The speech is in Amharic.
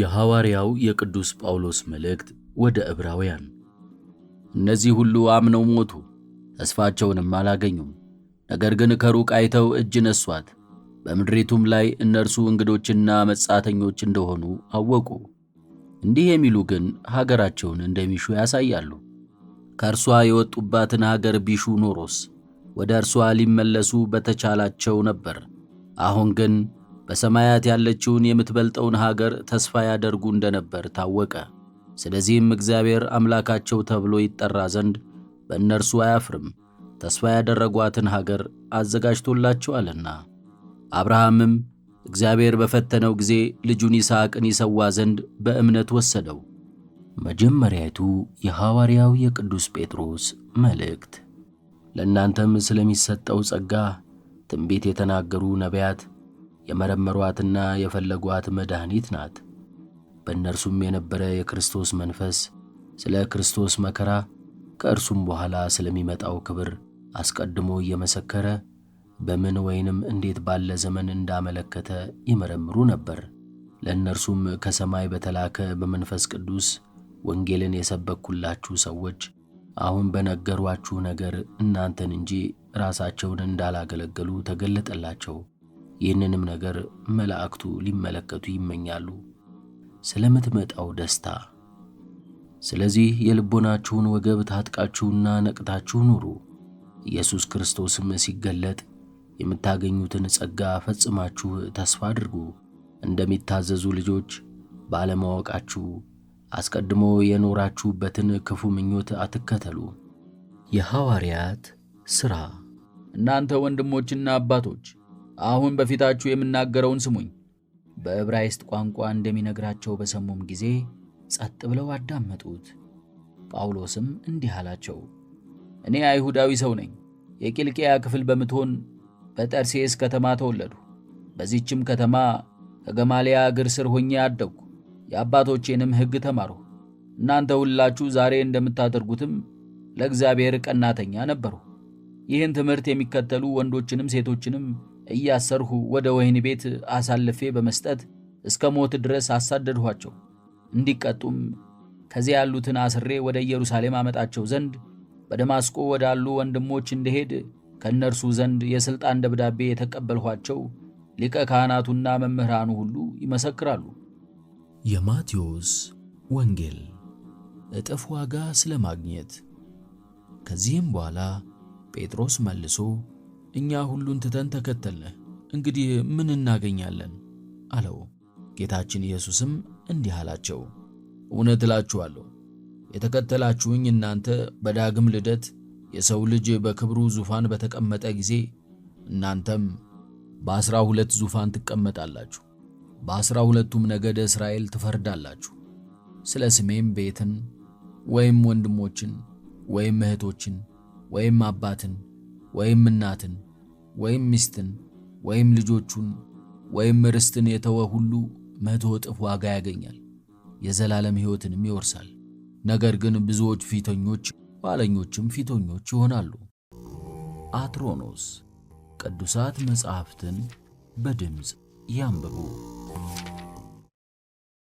የሐዋርያው የቅዱስ ጳውሎስ መልእክት ወደ ዕብራውያን። እነዚህ ሁሉ አምነው ሞቱ፣ ተስፋቸውንም አላገኙም። ነገር ግን ከሩቅ አይተው እጅ ነሷት፣ በምድሪቱም ላይ እነርሱ እንግዶችና መጻተኞች እንደሆኑ አወቁ። እንዲህ የሚሉ ግን ሀገራቸውን እንደሚሹ ያሳያሉ። ከእርሷ የወጡባትን ሀገር ቢሹ ኖሮስ ወደ እርሷ ሊመለሱ በተቻላቸው ነበር። አሁን ግን በሰማያት ያለችውን የምትበልጠውን ሀገር ተስፋ ያደርጉ እንደነበር ታወቀ። ስለዚህም እግዚአብሔር አምላካቸው ተብሎ ይጠራ ዘንድ በእነርሱ አያፍርም፣ ተስፋ ያደረጓትን ሀገር አዘጋጅቶላቸዋልና። አብርሃምም እግዚአብሔር በፈተነው ጊዜ ልጁን ይስሐቅን ይሰዋ ዘንድ በእምነት ወሰደው። መጀመሪያቱ የሐዋርያው የቅዱስ ጴጥሮስ መልእክት። ለእናንተም ስለሚሰጠው ጸጋ ትንቢት የተናገሩ ነቢያት የመረመሯትና የፈለጓት መድኃኒት ናት። በእነርሱም የነበረ የክርስቶስ መንፈስ ስለ ክርስቶስ መከራ ከእርሱም በኋላ ስለሚመጣው ክብር አስቀድሞ እየመሰከረ በምን ወይንም እንዴት ባለ ዘመን እንዳመለከተ ይመረምሩ ነበር። ለእነርሱም ከሰማይ በተላከ በመንፈስ ቅዱስ ወንጌልን የሰበኩላችሁ ሰዎች አሁን በነገሯችሁ ነገር እናንተን እንጂ ራሳቸውን እንዳላገለገሉ ተገለጠላቸው። ይህንንም ነገር መላእክቱ ሊመለከቱ ይመኛሉ ስለምትመጣው ደስታ። ስለዚህ የልቦናችሁን ወገብ ታጥቃችሁና ነቅታችሁ ኑሩ። ኢየሱስ ክርስቶስም ሲገለጥ የምታገኙትን ጸጋ ፈጽማችሁ ተስፋ አድርጉ። እንደሚታዘዙ ልጆች ባለማወቃችሁ አስቀድሞ የኖራችሁበትን ክፉ ምኞት አትከተሉ። የሐዋርያት ሥራ። እናንተ ወንድሞችና አባቶች አሁን በፊታችሁ የምናገረውን ስሙኝ። በዕብራይስጥ ቋንቋ እንደሚነግራቸው በሰሙም ጊዜ ጸጥ ብለው አዳመጡት። ጳውሎስም እንዲህ አላቸው፣ እኔ አይሁዳዊ ሰው ነኝ፣ የቂልቅያ ክፍል በምትሆን በጠርሴስ ከተማ ተወለዱ በዚህችም ከተማ ከገማልያ እግር ስር ሆኜ አደግሁ፣ የአባቶቼንም ሕግ ተማሩ እናንተ ሁላችሁ ዛሬ እንደምታደርጉትም ለእግዚአብሔር ቀናተኛ ነበርሁ። ይህን ትምህርት የሚከተሉ ወንዶችንም ሴቶችንም እያሰርሁ ወደ ወህኒ ቤት አሳልፌ በመስጠት እስከ ሞት ድረስ አሳደድኋቸው። እንዲቀጡም ከዚያ ያሉትን አስሬ ወደ ኢየሩሳሌም አመጣቸው ዘንድ በደማስቆ ወዳሉ ወንድሞች እንደሄድ ከእነርሱ ዘንድ የሥልጣን ደብዳቤ የተቀበልኋቸው ሊቀ ካህናቱና መምህራኑ ሁሉ ይመሰክራሉ። የማቴዎስ ወንጌል እጥፍ ዋጋ ስለ ማግኘት። ከዚህም በኋላ ጴጥሮስ መልሶ እኛ ሁሉን ትተን ተከተልንህ፣ እንግዲህ ምን እናገኛለን አለው። ጌታችን ኢየሱስም እንዲህ አላቸው፣ እውነት እላችኋለሁ የተከተላችሁኝ እናንተ በዳግም ልደት የሰው ልጅ በክብሩ ዙፋን በተቀመጠ ጊዜ እናንተም በአስራ ሁለት ዙፋን ትቀመጣላችሁ፣ በአስራ ሁለቱም ነገደ እስራኤል ትፈርዳላችሁ። ስለ ስሜም ቤትን ወይም ወንድሞችን ወይም እህቶችን ወይም አባትን ወይም እናትን ወይም ሚስትን ወይም ልጆቹን ወይም ርስትን የተወ ሁሉ መቶ እጥፍ ዋጋ ያገኛል፣ የዘላለም ሕይወትንም ይወርሳል። ነገር ግን ብዙዎች ፊተኞች ኋለኞችም ፊተኞች ይሆናሉ። አትሮኖስ ቅዱሳት መጻሕፍትን በድምፅ ያንብቡ።